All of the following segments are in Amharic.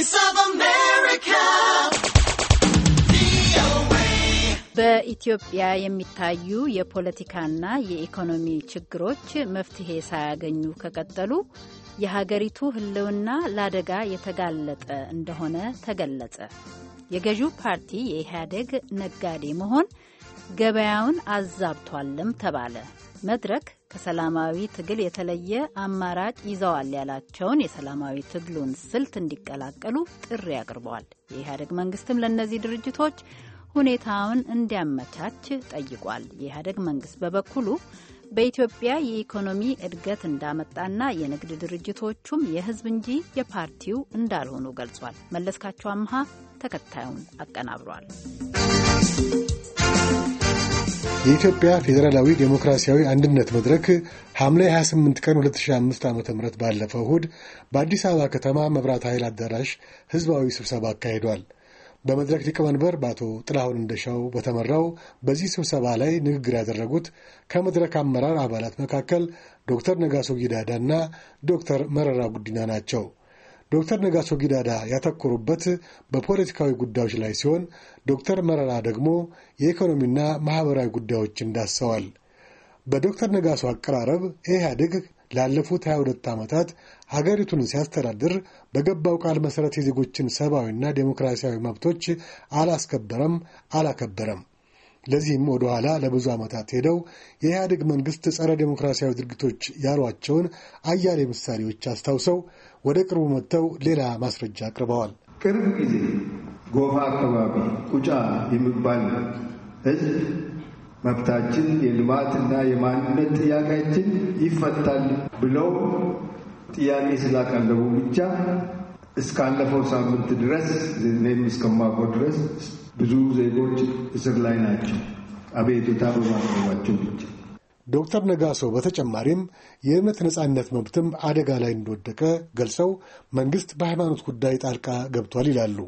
Voice of America. በኢትዮጵያ የሚታዩ የፖለቲካና የኢኮኖሚ ችግሮች መፍትሄ ሳያገኙ ከቀጠሉ የሀገሪቱ ሕልውና ለአደጋ የተጋለጠ እንደሆነ ተገለጸ። የገዢው ፓርቲ የኢህአዴግ ነጋዴ መሆን ገበያውን አዛብቷልም ተባለ። መድረክ ከሰላማዊ ትግል የተለየ አማራጭ ይዘዋል ያላቸውን የሰላማዊ ትግሉን ስልት እንዲቀላቀሉ ጥሪ አቅርበዋል። የኢህአዴግ መንግስትም ለእነዚህ ድርጅቶች ሁኔታውን እንዲያመቻች ጠይቋል። የኢህአዴግ መንግስት በበኩሉ በኢትዮጵያ የኢኮኖሚ እድገት እንዳመጣና የንግድ ድርጅቶቹም የህዝብ እንጂ የፓርቲው እንዳልሆኑ ገልጿል። መለስካቸው አምሃ ተከታዩን አቀናብሯል። የኢትዮጵያ ፌዴራላዊ ዴሞክራሲያዊ አንድነት መድረክ ሐምሌ 28 ቀን 2005 ዓ ም ባለፈው እሁድ በአዲስ አበባ ከተማ መብራት ኃይል አዳራሽ ህዝባዊ ስብሰባ አካሂዷል። በመድረክ ሊቀመንበር በአቶ ጥላሁን እንደሻው በተመራው በዚህ ስብሰባ ላይ ንግግር ያደረጉት ከመድረክ አመራር አባላት መካከል ዶክተር ነጋሶ ጊዳዳና ዶክተር መረራ ጉዲና ናቸው። ዶክተር ነጋሶ ጊዳዳ ያተኮሩበት በፖለቲካዊ ጉዳዮች ላይ ሲሆን ዶክተር መረራ ደግሞ የኢኮኖሚና ማህበራዊ ጉዳዮችን ዳሰዋል። በዶክተር ነጋሶ አቀራረብ ኢህአዴግ ላለፉት 22 ዓመታት ሀገሪቱን ሲያስተዳድር በገባው ቃል መሠረት የዜጎችን ሰብአዊና ዴሞክራሲያዊ መብቶች አላስከበረም አላከበረም ለዚህም ወደ ኋላ ለብዙ ዓመታት ሄደው የኢህአዴግ መንግሥት ጸረ ዴሞክራሲያዊ ድርጊቶች ያሏቸውን አያሌ ምሳሌዎች አስታውሰው ወደ ቅርቡ መጥተው ሌላ ማስረጃ አቅርበዋል። ቅርብ ጊዜ ጎፋ አካባቢ ቁጫ የሚባል ሕዝብ መብታችን የልማትና የማንነት ጥያቄያችን ይፈታል ብለው ጥያቄ ስላቀለቡ ብቻ እስካለፈው ሳምንት ድረስ እኔም እስከማውቀው ድረስ ብዙ ዜጎች እስር ላይ ናቸው አቤቱታ በማቅረባቸው ብቻ። ዶክተር ነጋሶ በተጨማሪም የእምነት ነጻነት መብትም አደጋ ላይ እንደወደቀ ገልጸው መንግስት በሃይማኖት ጉዳይ ጣልቃ ገብቷል ይላሉ።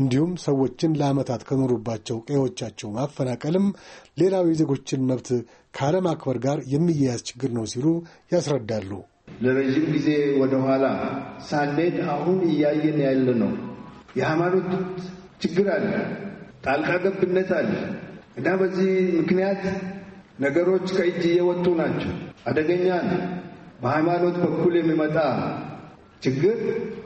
እንዲሁም ሰዎችን ለዓመታት ከኖሩባቸው ቀዮቻቸው ማፈናቀልም ሌላው የዜጎችን መብት ካለማክበር ጋር የሚያያዝ ችግር ነው ሲሉ ያስረዳሉ። ለረዥም ጊዜ ወደኋላ ሳንሄድ አሁን እያየን ያለ ነው። የሃይማኖት ችግር አለ። ጣልቃ ገብነት አለ እና በዚህ ምክንያት ነገሮች ከእጅ እየወጡ ናቸው። አደገኛ ነው። በሃይማኖት በኩል የሚመጣ ችግር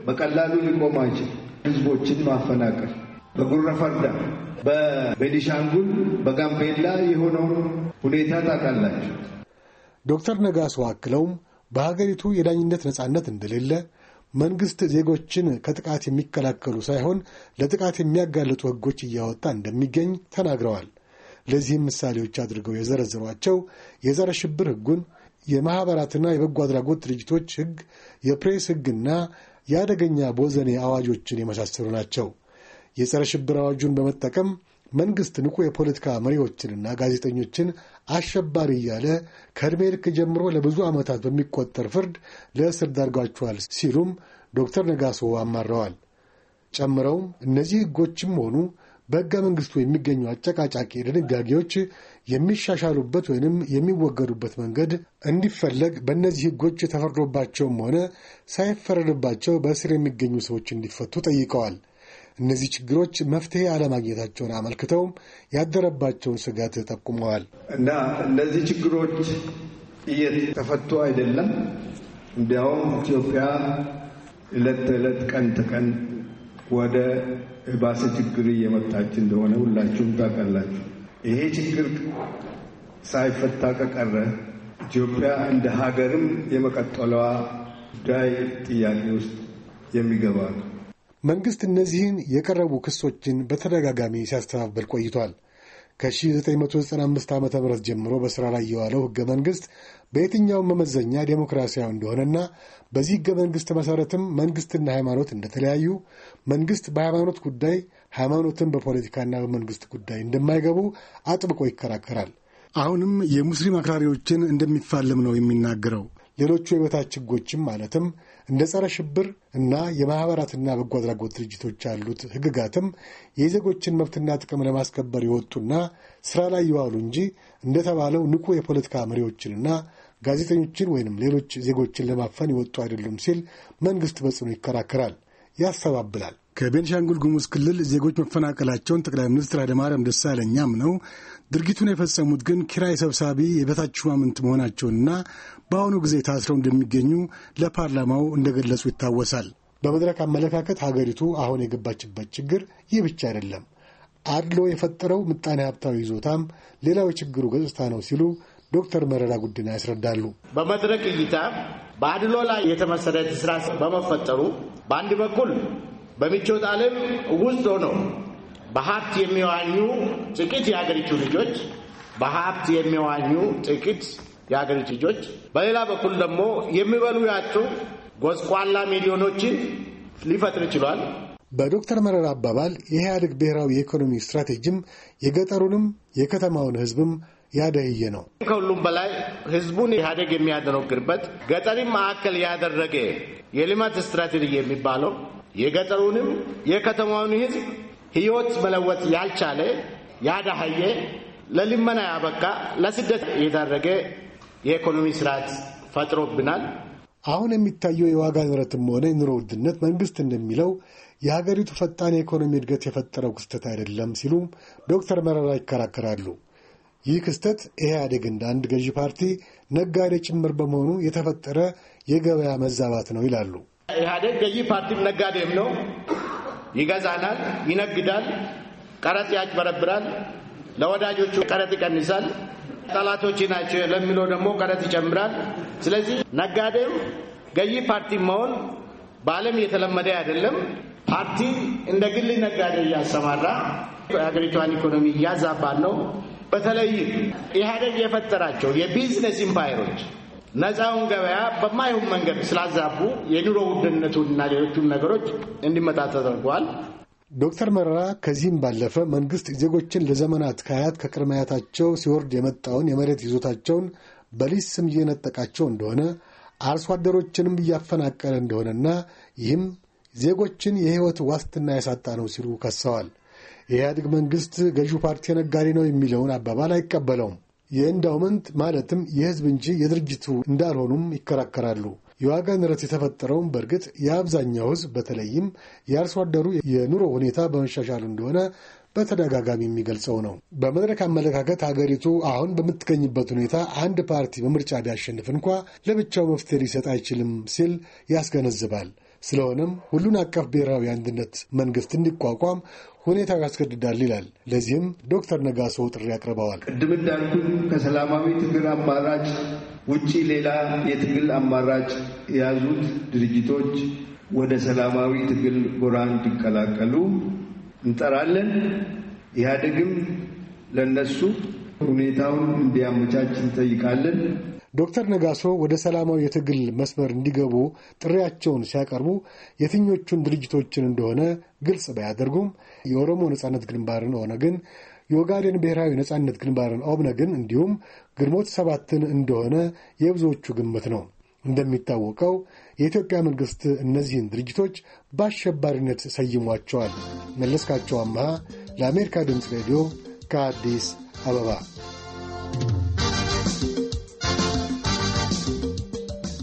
በቀላሉ ሊቆም አይችል። ህዝቦችን ማፈናቀል በጉረፈርዳ ፈርዳ፣ በቤኒሻንጉል፣ በጋምቤላ የሆነውን ሁኔታ ታውቃላችሁ። ዶክተር ነጋሶ አክለውም በሀገሪቱ የዳኝነት ነጻነት እንደሌለ መንግስት ዜጎችን ከጥቃት የሚከላከሉ ሳይሆን ለጥቃት የሚያጋልጡ ህጎች እያወጣ እንደሚገኝ ተናግረዋል። ለዚህም ምሳሌዎች አድርገው የዘረዘሯቸው የጸረ ሽብር ህጉን የማኅበራትና የበጎ አድራጎት ድርጅቶች ህግ የፕሬስ ህግና የአደገኛ ቦዘኔ አዋጆችን የመሳሰሉ ናቸው። የጸረ ሽብር አዋጁን በመጠቀም መንግስት ንቁ የፖለቲካ መሪዎችንና ጋዜጠኞችን አሸባሪ እያለ ከዕድሜ ልክ ጀምሮ ለብዙ ዓመታት በሚቆጠር ፍርድ ለእስር ዳርጓቸዋል ሲሉም ዶክተር ነጋሶ አማረዋል። ጨምረውም እነዚህ ህጎችም ሆኑ በሕገ መንግሥቱ የሚገኙ አጨቃጫቂ ድንጋጌዎች የሚሻሻሉበት ወይንም የሚወገዱበት መንገድ እንዲፈለግ በእነዚህ ሕጎች የተፈርዶባቸውም ሆነ ሳይፈረድባቸው በእስር የሚገኙ ሰዎች እንዲፈቱ ጠይቀዋል። እነዚህ ችግሮች መፍትሄ አለማግኘታቸውን አመልክተው ያደረባቸውን ስጋት ጠቁመዋል። እና እነዚህ ችግሮች እየተፈቱ አይደለም። እንዲያውም ኢትዮጵያ ዕለት ተዕለት ቀን ተቀን ወደ ባሰ ችግር እየመጣች እንደሆነ ሁላችሁም ታውቃላችሁ። ይሄ ችግር ሳይፈታ ከቀረ ኢትዮጵያ እንደ ሀገርም የመቀጠለዋ ጉዳይ ጥያቄ ውስጥ የሚገባ ነው። መንግሥት እነዚህን የቀረቡ ክሶችን በተደጋጋሚ ሲያስተባብል ቆይቷል። ከ1995 ዓ ም ጀምሮ በሥራ ላይ የዋለው ሕገ መንግሥት በየትኛውም መመዘኛ ዴሞክራሲያዊ እንደሆነና በዚህ ሕገ መንግሥት መሠረትም መንግሥትና ሃይማኖት እንደተለያዩ፣ መንግሥት በሃይማኖት ጉዳይ፣ ሃይማኖትን በፖለቲካና በመንግሥት ጉዳይ እንደማይገቡ አጥብቆ ይከራከራል። አሁንም የሙስሊም አክራሪዎችን እንደሚፋለም ነው የሚናገረው። ሌሎቹ የበታች ሕጎችም ማለትም እንደ ጸረ ሽብር እና የማኅበራትና በጎ አድራጎት ድርጅቶች ያሉት ሕግጋትም የዜጎችን መብትና ጥቅም ለማስከበር የወጡና ሥራ ላይ ይዋሉ እንጂ እንደተባለው ንቁ የፖለቲካ መሪዎችንና ጋዜጠኞችን ወይንም ሌሎች ዜጎችን ለማፈን የወጡ አይደሉም ሲል መንግሥት በጽኑ ይከራከራል፣ ያስተባብላል። ከቤንሻንጉል ጉሙዝ ክልል ዜጎች መፈናቀላቸውን ጠቅላይ ሚኒስትር ኃይለማርያም ደሳለኝ ነው። ድርጊቱን የፈጸሙት ግን ኪራይ ሰብሳቢ የበታች ሹማምንት መሆናቸውንና በአሁኑ ጊዜ ታስረው እንደሚገኙ ለፓርላማው እንደገለጹ ይታወሳል። በመድረክ አመለካከት ሀገሪቱ አሁን የገባችበት ችግር ይህ ብቻ አይደለም፣ አድሎ የፈጠረው ምጣኔ ሀብታዊ ይዞታም ሌላው የችግሩ ገጽታ ነው ሲሉ ዶክተር መረራ ጉዲና ያስረዳሉ። በመድረክ እይታ በአድሎ ላይ የተመሰረተ ስራ በመፈጠሩ በአንድ በኩል በምቾት ዓለም ውስጥ ሆነው በሀብት የሚዋኙ ጥቂት የአገሪቱ ልጆች በሀብት የሚዋኙ ጥቂት የሀገሪቱ ልጆች፣ በሌላ በኩል ደግሞ የሚበሉ ያጡ ጎስቋላ ሚሊዮኖችን ሊፈጥር ችሏል። በዶክተር መረራ አባባል የኢህአዴግ ብሔራዊ የኢኮኖሚ ስትራቴጂም የገጠሩንም የከተማውን ህዝብም ያደህየ ነው። ከሁሉም በላይ ህዝቡን ኢህአዴግ የሚያደነግርበት ገጠሪን ማዕከል ያደረገ የልማት ስትራቴጂ የሚባለው የገጠሩንም የከተማውን ህዝብ ህይወት መለወጥ ያልቻለ ያዳሀየ፣ ለልመና ያበቃ፣ ለስደት የዳረገ የኢኮኖሚ ስርዓት ፈጥሮብናል። አሁን የሚታየው የዋጋ ንረትም ሆነ የኑሮ ውድነት መንግስት እንደሚለው የሀገሪቱ ፈጣን የኢኮኖሚ እድገት የፈጠረው ክስተት አይደለም ሲሉም ዶክተር መረራ ይከራከራሉ። ይህ ክስተት ኢህአዴግ እንደ አንድ ገዢ ፓርቲ ነጋዴ ጭምር በመሆኑ የተፈጠረ የገበያ መዛባት ነው ይላሉ። ኢህአዴግ ገዢ ፓርቲም ነጋዴም ነው። ይገዛናል፣ ይነግዳል፣ ቀረጥ ያጭበረብራል፣ ለወዳጆቹ ቀረጥ ይቀንሳል፣ ጠላቶች ናቸው ለሚለው ደግሞ ቀረጥ ይጨምራል። ስለዚህ ነጋዴም ገዢ ፓርቲ መሆን በዓለም የተለመደ አይደለም። ፓርቲ እንደ ግል ነጋዴ እያሰማራ የሀገሪቷን ኢኮኖሚ እያዛባ ነው። በተለይ ኢህአዴግ የፈጠራቸው የቢዝነስ ኢምፓየሮች ነፃውን ገበያ በማይሆን መንገድ ስላዛቡ የኑሮ ውድነቱንና ሌሎቹን ነገሮች እንዲመጣ ተደርጓል። ዶክተር መረራ ከዚህም ባለፈ መንግስት ዜጎችን ለዘመናት ከአያት ከቅድመ አያታቸው ሲወርድ የመጣውን የመሬት ይዞታቸውን በሊዝ ስም እየነጠቃቸው እንደሆነ አርሶ አደሮችንም እያፈናቀለ እንደሆነና ይህም ዜጎችን የህይወት ዋስትና ያሳጣ ነው ሲሉ ከሰዋል። የኢህአዴግ መንግስት ገዢው ፓርቲ ነጋዴ ነው የሚለውን አባባል አይቀበለውም። የኢንዳውመንት ማለትም የህዝብ እንጂ የድርጅቱ እንዳልሆኑም ይከራከራሉ። የዋጋ ንረት የተፈጠረውን በእርግጥ የአብዛኛው ህዝብ በተለይም የአርሶ አደሩ የኑሮ ሁኔታ በመሻሻሉ እንደሆነ በተደጋጋሚ የሚገልጸው ነው። በመድረክ አመለካከት ሀገሪቱ አሁን በምትገኝበት ሁኔታ አንድ ፓርቲ በምርጫ ቢያሸንፍ እንኳ ለብቻው መፍትሄ ሊሰጥ አይችልም ሲል ያስገነዝባል። ስለሆነም ሁሉን አቀፍ ብሔራዊ አንድነት መንግስት እንዲቋቋም ሁኔታ ያስገድዳል ይላል። ለዚህም ዶክተር ነጋሶ ጥሪ አቅርበዋል። ቅድም እንዳልኩት ከሰላማዊ ትግል አማራጭ ውጪ ሌላ የትግል አማራጭ የያዙት ድርጅቶች ወደ ሰላማዊ ትግል ጎራ እንዲቀላቀሉ እንጠራለን። ኢህአዴግም ለነሱ ሁኔታውን እንዲያመቻች እንጠይቃለን። ዶክተር ነጋሶ ወደ ሰላማዊ የትግል መስመር እንዲገቡ ጥሪያቸውን ሲያቀርቡ የትኞቹን ድርጅቶችን እንደሆነ ግልጽ ባያደርጉም የኦሮሞ ነጻነት ግንባርን ኦነግን፣ የኦጋዴን ብሔራዊ ነጻነት ግንባርን ኦብነግን እንዲሁም ግንቦት ሰባትን እንደሆነ የብዙዎቹ ግምት ነው። እንደሚታወቀው የኢትዮጵያ መንግሥት እነዚህን ድርጅቶች በአሸባሪነት ሰይሟቸዋል። መለስካቸው አመሃ ለአሜሪካ ድምፅ ሬዲዮ ከአዲስ アババ